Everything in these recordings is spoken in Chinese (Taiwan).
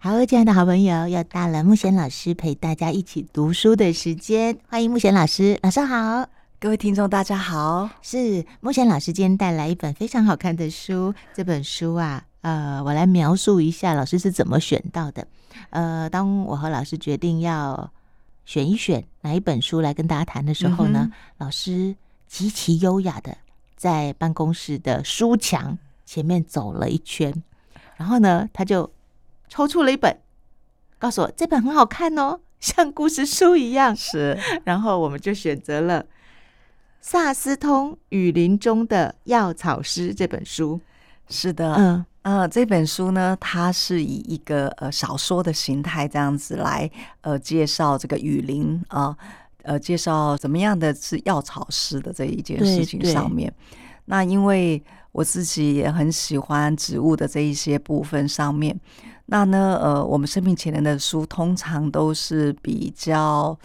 好，親愛的好朋友，又到了牧絃老師陪大家一起讀書的時間。歡迎牧絃老師。晚上好，各位聽眾，大家好。是牧絃老師今天帶來一本非常好看的書。這本書啊，呃，我來描述一下老師是怎麼選到的。呃，當我和老師決定要選一選哪一本書來跟大家談的時候呢，嗯哼。老師極其優雅的在辦公室的書牆前面走了一圈，然後呢，他就。抽出了一本，告訴我這本很好看哦，像故事書一樣。 是，然後我們就選擇了《薩斯通雨林中的藥草師》這本書。是的，嗯嗯，這本書呢，它是以一個呃小說的形態這樣子來呃介紹這個雨林啊。呃呃，介紹怎麼樣的是藥草師的這一件事情上面，對，對。那因為我自己也很喜歡植物的這一些部分上面，那呢，呃，我們生命潛能的書通常都是比較，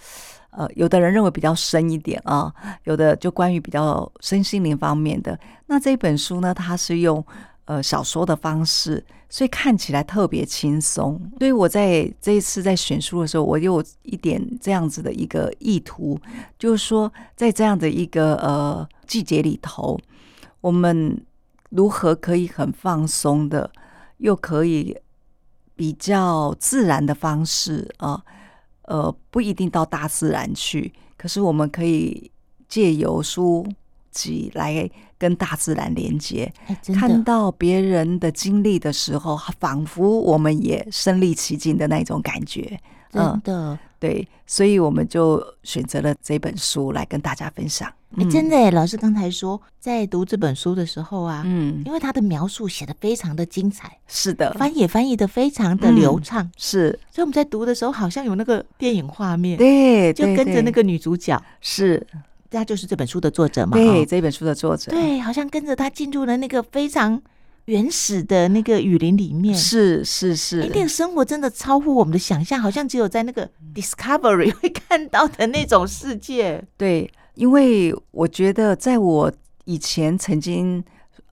呃，有的人認為比較深一點啊，有的就關於比較身心靈方面的，那這一本書呢，它是用。呃，小說的方式，所以看起來特別輕鬆。所以我在這一次在選書的時候，我有一點這樣子的一個意圖，就是說，在這樣的一個呃季節裡頭，我們如何可以很放鬆的，又可以比較自然的方式啊，呃，不一定到大自然去，可是我們可以借由書籍來。跟大自然連接，欸、看到別人的經歷的時候，仿佛我們也身歷其境的那種感覺。真的、嗯，對，所以我們就選擇了這本書來跟大家分享。嗯欸、真的，老師剛才說，在讀這本書的時候啊，嗯，因為他的描述寫得非常的精彩，是的，翻譯也翻譯得非常的流暢、嗯，是，所以我們在讀的時候好像有那個電影畫面，對，就跟着那個女主角對對對是。他就是這本書的作者嘛？對，哦、這本書的作者。對，好像跟着他進入了那個非常原始的那個雨林裡面。是是、嗯、是，一定、欸、那個、生活真的超乎我們的想象，好像只有在那個 Discovery 會看到的那種世界。對，因為我覺得在我以前曾經。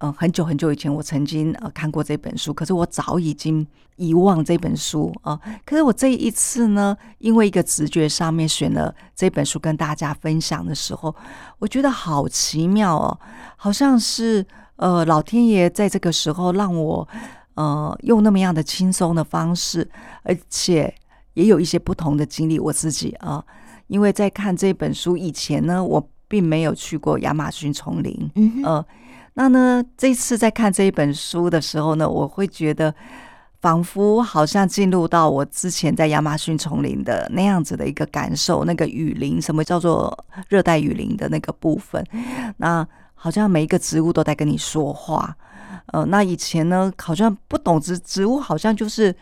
嗯、呃，很久很久以前，我曾經呃看過這本書，可是我早已經遺忘這本書啊、呃。可是我這一次呢，因為一個直覺上面選了這本書跟大家分享的時候，我覺得好奇妙哦，好像是呃老天爺在這個時候讓我呃用那麼樣的輕鬆的方式，而且也有一些不同的經歷我自己啊、呃。因為在看這本書以前呢，我並沒有去過亞馬遜叢林，嗯哼。呃那呢，這次在看這一本書的時候呢，我會覺得仿佛好像進入到我之前在亞馬遜叢林的那樣子的一個感受，那個雨林，什麼叫做熱帶雨林的那個部分，那好像每一個植物都在跟你說話。呃，那以前呢，好像不懂植植物，好像就是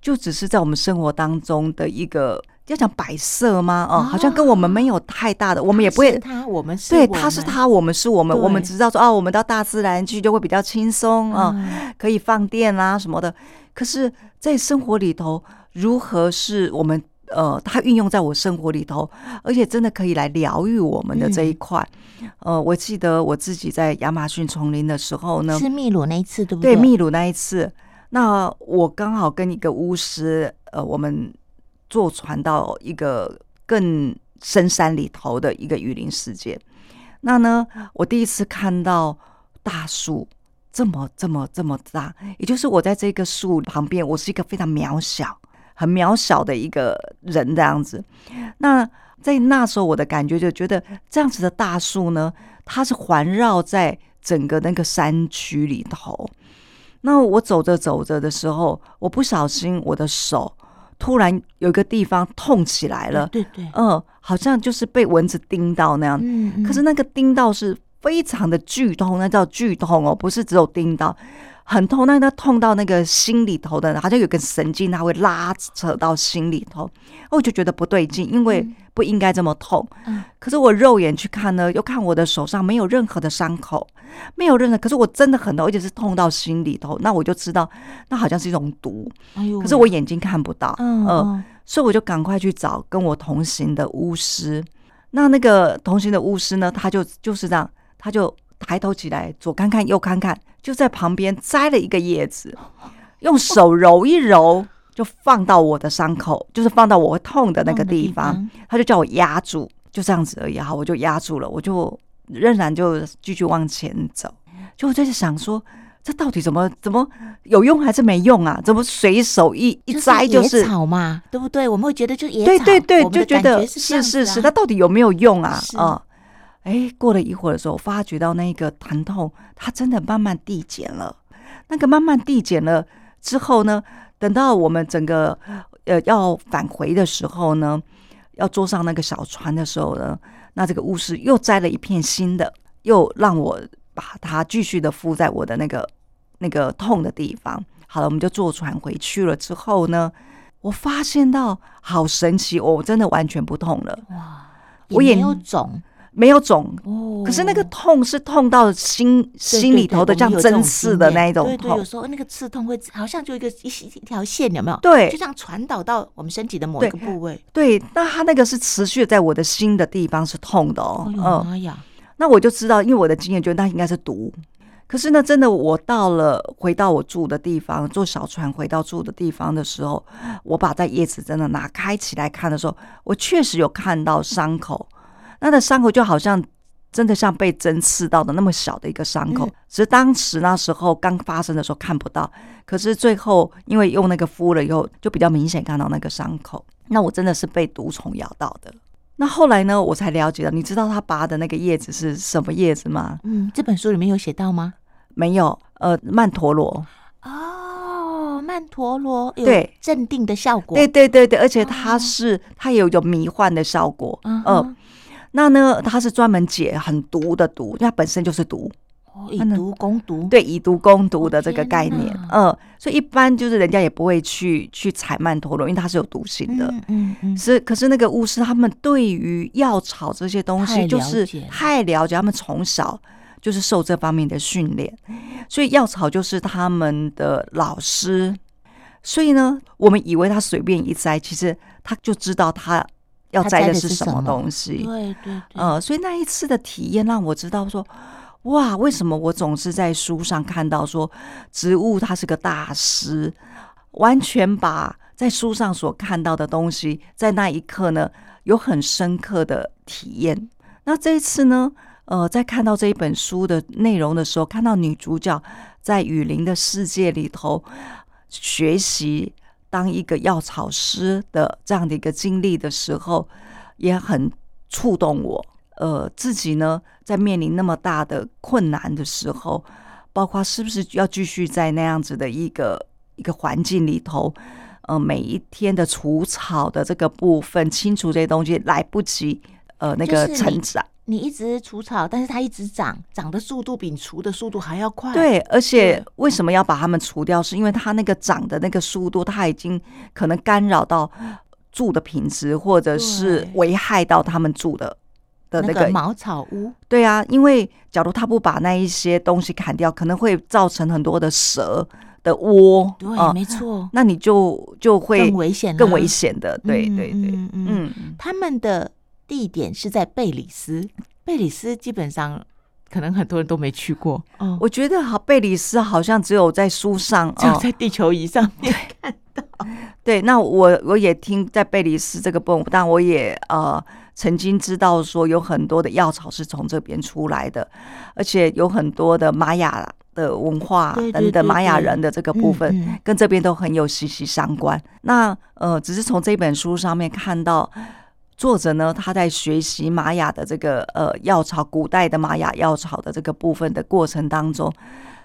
就只是在我們生活當中的一個。要講擺設嗎？嗯、哦，好像跟我們沒有太大的，我們也不會。他我們是對他是他，我們是我們，我們只知道說啊，我們到大自然去就會比較輕鬆啊，嗯、可以放電啊什麼的。可是，在生活裡頭，如何是我們呃，它運用在我生活裡頭，而且真的可以來療癒我們的這一塊。嗯、呃，我記得我自己在亞馬遜叢林的時候呢，是秘魯那一次，對不對？對，秘魯那一次，那我剛好跟一個巫師，呃，我們。坐船到一個更深山裡頭的一個雨林世界，那呢，我第一次看到大樹這麼這麼這麼大，也就是我在這個樹旁邊，我是一個非常渺小、很渺小的一個人這樣子。那在那時候，我的感覺就覺得這樣子的大樹呢，它是環繞在整個那個山區裡頭。那我走着走着的時候，我不小心我的手。突然有一個地方痛起來了，對，對對，嗯，好像就是被蚊子叮到那樣，嗯嗯，可是那個叮到是非常的劇痛，那叫劇痛哦，不是只有叮到。很痛，那他痛到那個心裡頭的，好像有個神經，它會拉扯到心裡頭。我就覺得不對勁，因為不應該這麼痛。嗯，可是我肉眼去看呢，又看我的手上沒有任何的傷口，沒有任何。可是我真的很痛，而且是痛到心裡頭。那我就知道，那好像是一種毒。哎呦，可是我眼睛看不到。嗯，呃，嗯，所以我就趕快去找跟我同行的巫師。那那個同行的巫師呢，他就就是這樣，他就。抬頭起來，左看看，右看看，就在旁邊摘了一個葉子，用手揉一揉，就放到我的傷口，就是放到我會痛的那個地方。他就叫我壓住，就這樣子而已好，我就壓住了，我就仍然就繼續往前走。就我在想說，這到底怎麼怎麼有用還是沒用啊？怎麼隨手一一摘就是，就是草嘛，對不對？我們會覺得就野草，對對對，就覺得覺是，啊、是是，是，它到底有沒有用啊？啊是？嗯哎，過了一會兒的時候，我發覺到那個疼痛，它真的慢慢遞減了。那個慢慢遞減了之後呢，等到我們整個呃要返回的時候呢，要坐上那個小船的時候呢，那這個巫師又摘了一片新的，又讓我把它繼續的敷在我的那個那個痛的地方。好了，我們就坐船回去了。之後呢，我發現到好神奇，哦，我真的完全不痛了。哇，我也沒有腫。沒有腫，哦、可是那個痛，是痛到心，對對對，心裡頭的，這樣針刺的那一種痛。對對，有時候那個刺痛會好像就一個一一條線，有沒有？對，就這樣傳導到我們身體的某一個部位對。對，那它那個是持續在我的心的地方是痛的哦。哦媽嗯，哎呀，那我就知道，因為我的經驗覺得那應該是毒。可是呢，真的我到了回到我住的地方，坐小船回到住的地方的時候，我把在葉子真的拿開起來看的時候，我確實有看到傷口。嗯那的傷口就好像真的像被針刺到的那麼小的一個傷口，只是、嗯、當時那時候剛發生的時候看不到，可是最後因為用那個敷了，以後，就比較明顯看到那個傷口。那我真的是被毒蟲咬到的。那後來呢，我才了解到，你知道他拔的那個葉子是什麼葉子嗎？嗯，這本書裡面有寫到嗎？沒有。呃、曼陀羅。哦，曼陀羅，對，鎮定的效果。對對對對，而且它是它也有一種迷幻的效果，嗯。嗯那呢，它是專門解很毒的毒，那本身就是毒，以毒攻毒。對，以毒攻毒的這個概念，哪嗯，所以一般就是人家也不會去去採曼陀羅，因為它是有毒性的。嗯。嗯嗯是，可是那個巫師他們對於藥草這些東西，就是太了解了，了解他們從小就是受這方面的訓練，所以藥草就是他們的老師。嗯、所以呢，我們以為他隨便一摘，其實他就知道他。要摘的是什麼東西？對對，呃，所以那一次的體驗讓我知道說，哇，為什麼我總是在書上看到說，植物它是個大師，完全把在書上所看到的東西，在那一刻呢，有很深刻的體驗。那這一次呢，呃，在看到這一本書的內容的時候，看到女主角在雨林的世界裡頭學習。當一個藥草師的這樣的一個經歷的時候，也很觸動我。呃，自己呢，在面臨那麼大的困難的時候，包括是不是要繼續在那樣子的一個一個環境裡頭，呃，每一天的除草的這個部分，清除這些東西來不及，呃，那個成長。就是你一直除草，但是它一直長，長的速度比你除的速度還要快。對，而且為什麼要把它們除掉？嗯、是因為它那個長的那個速度，它已經可能干擾到住的品質，或者是危害到他們住的對的、那個、那個茅草屋。對啊，因為假如他不把那一些東西砍掉，可能會造成很多的蛇的窩。對，啊、沒錯錯。那你就就會更危險，更危險的。對對對，嗯，嗯，嗯，嗯他們的。地點是在貝里斯，貝里斯基本上可能很多人都沒去過。哦、我覺得哈，貝里斯好像只有在書上，只有在地球儀上面看到。呃、 對，那我我也聽在貝里斯這個部分，但我也呃曾經知道說有很多的藥草是從這邊出來的，而且有很多的瑪雅的文化等等，瑪雅人的這個部分跟這邊都很有息息相關。那呃，只是從這本書上面看到。作者呢，他在學習瑪雅的這個呃藥草，古代的瑪雅藥草的這個部分的過程當中，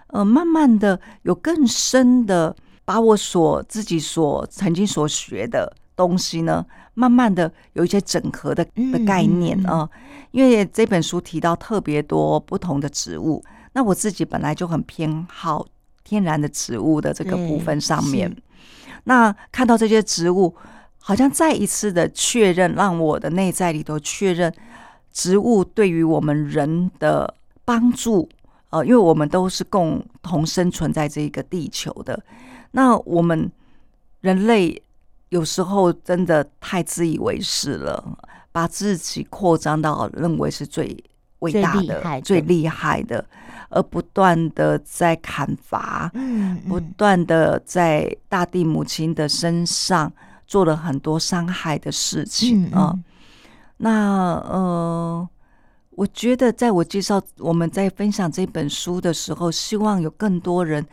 呃，慢慢的有更深的把我所自己所曾經所學的東西呢，慢慢的有一些整合的的概念啊。嗯、因為這本書提到特別多不同的植物，那我自己本來就很偏好天然的植物的這個部分上面，嗯、那看到這些植物，好像再一次的確認，讓我的內在裡頭確認植物對於我們人的幫助。呃，因為我們都是共同生存在這個地球的。那我們人類有時候真的太自以為是了，把自己擴張到認為是最偉大的、最厲害的、最厲害的，而不斷的在砍伐，嗯嗯不斷的在大地母親的身上。做了很多傷害的事情，嗯、啊！那呃，我覺得在我介紹我們在分享這本書的時候，希望有更多人，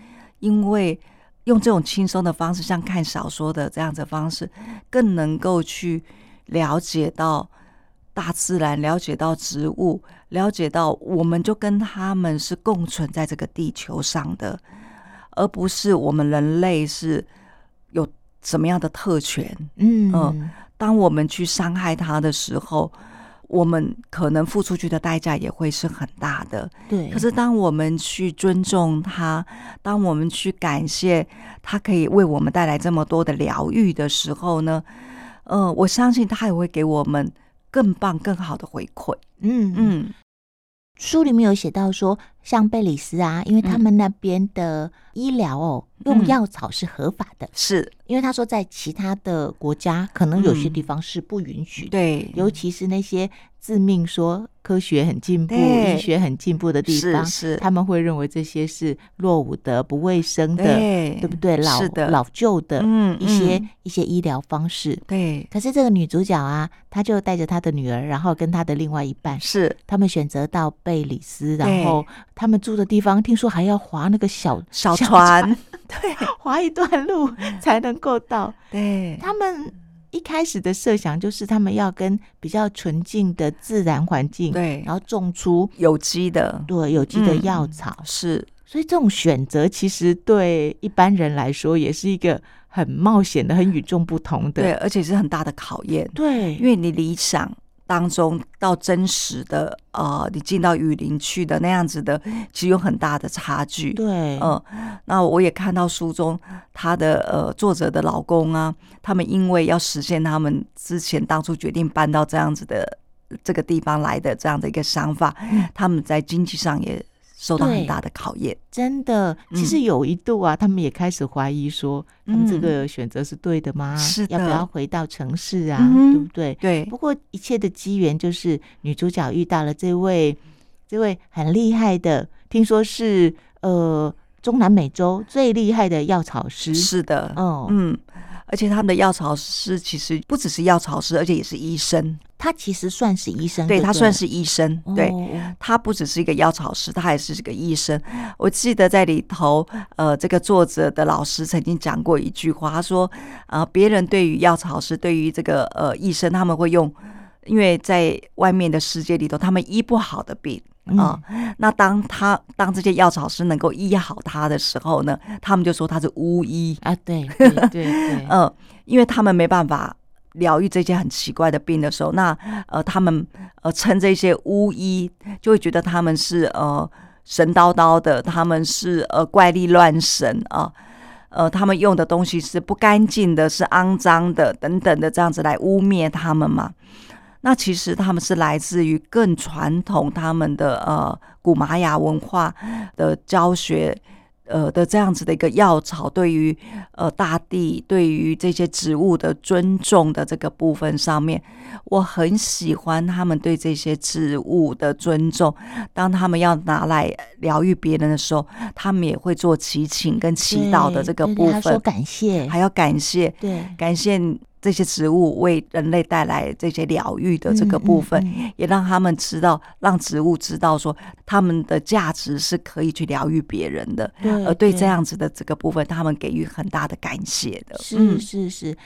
因為用這種輕鬆的方式，像看小說的這樣子的方式，更能夠去了解到大自然，了解到植物，了解到我們就跟他們是共存在這個地球上的，而不是我們人類是有。怎麼樣的特權？嗯嗯、呃，當我們去傷害他的時候，我們可能付出去的代價也會是很大的。對，可是當我們去尊重他，當我們去感謝他可以為我們帶來這麼多的療癒的時候呢？呃，我相信他也會給我們更棒、更好的回饋。嗯嗯，嗯，書裡面有寫到說。像貝里斯啊，因為他們那邊的醫療哦，用藥草是合法的，是因為他說在其他的國家，可能有些地方是不允許的，對，尤其是那些致命說科學很進步、醫學很進步的地方，是是，他們會認為這些是落伍的、不衛生的，對不對？老的、老舊的，嗯，一些一些醫療方式，對。可是這個女主角啊，她就帶着她的女兒，然後跟她的另外一半是，他們選擇到貝里斯，然後。他們住的地方，聽說還要划那個小小船，小船，對，划 一段路才能夠到。對，他們一開始的設想就是，他們要跟比較純淨的自然環境，對，然後種出有機的，對，有機的藥草、嗯、是。所以這種選擇其實對一般人來說也是一個很冒險的、很與眾不同的，對，而且是很大的考驗，對，因為你理想。當中到真實的，呃，你進到雨林去的那樣子的，其實有很大的差距。對，嗯，那我也看到書中他的呃，作者的老公啊，他們因為要實現他們之前當初決定搬到這樣子的這個地方來的這樣的一個想法，他們在經濟上也受到很大的考驗，真的。其實有一度啊，嗯、他們也開始懷疑說，他們這個選擇是對的嗎？嗯、是的，要不要回到城市啊？嗯、哼對不對？對。不過一切的機緣就是女主角遇到了這位，這位很厲害的，聽說是呃中南美洲最厲害的藥草師。是的，哦、嗯。而且他們的藥草師其實不只是藥草師，而且也是醫生。他其實算是醫生，對，對吧？他算是醫生。對、嗯、他不只是一個藥草師，他還是一個醫生。我記得在裡頭，呃，這個作者的老師曾經講過一句話，他說：“啊、呃，別人對於藥草師，對於這個呃醫生，他們會用，因為在外面的世界裡頭，他們醫不好的病。”啊、嗯呃，那當他當這些藥草師能夠醫好他的時候呢，他們就說他是巫醫啊，對對對，對,對。嗯、呃，因為他們沒辦法療癒這些很奇怪的病的時候，那呃，他們呃稱這些巫醫就會覺得他們是呃神叨叨的，他們是呃怪力亂神啊、呃，呃，他們用的東西是不乾淨的，是骯髒的等等的這樣子來污衊他們嘛。那其實他們是來自於更傳統他們的呃古瑪雅文化的教學，呃的這樣子的一個藥草，對於呃大地對於這些植物的尊重的這個部分上面，我很喜歡他們對這些植物的尊重。當他們要拿來療癒別人的時候，他們也會做祈請跟祈禱的這個部分，還要感謝，還要對感謝，對，感謝。這些植物為人類帶來這些療癒的這個部分，也讓他們知道，讓植物知道說他們的價值是可以去療癒別人的，而對這樣子的這個部分，他們給予很大的感謝的。對對，嗯、是是是。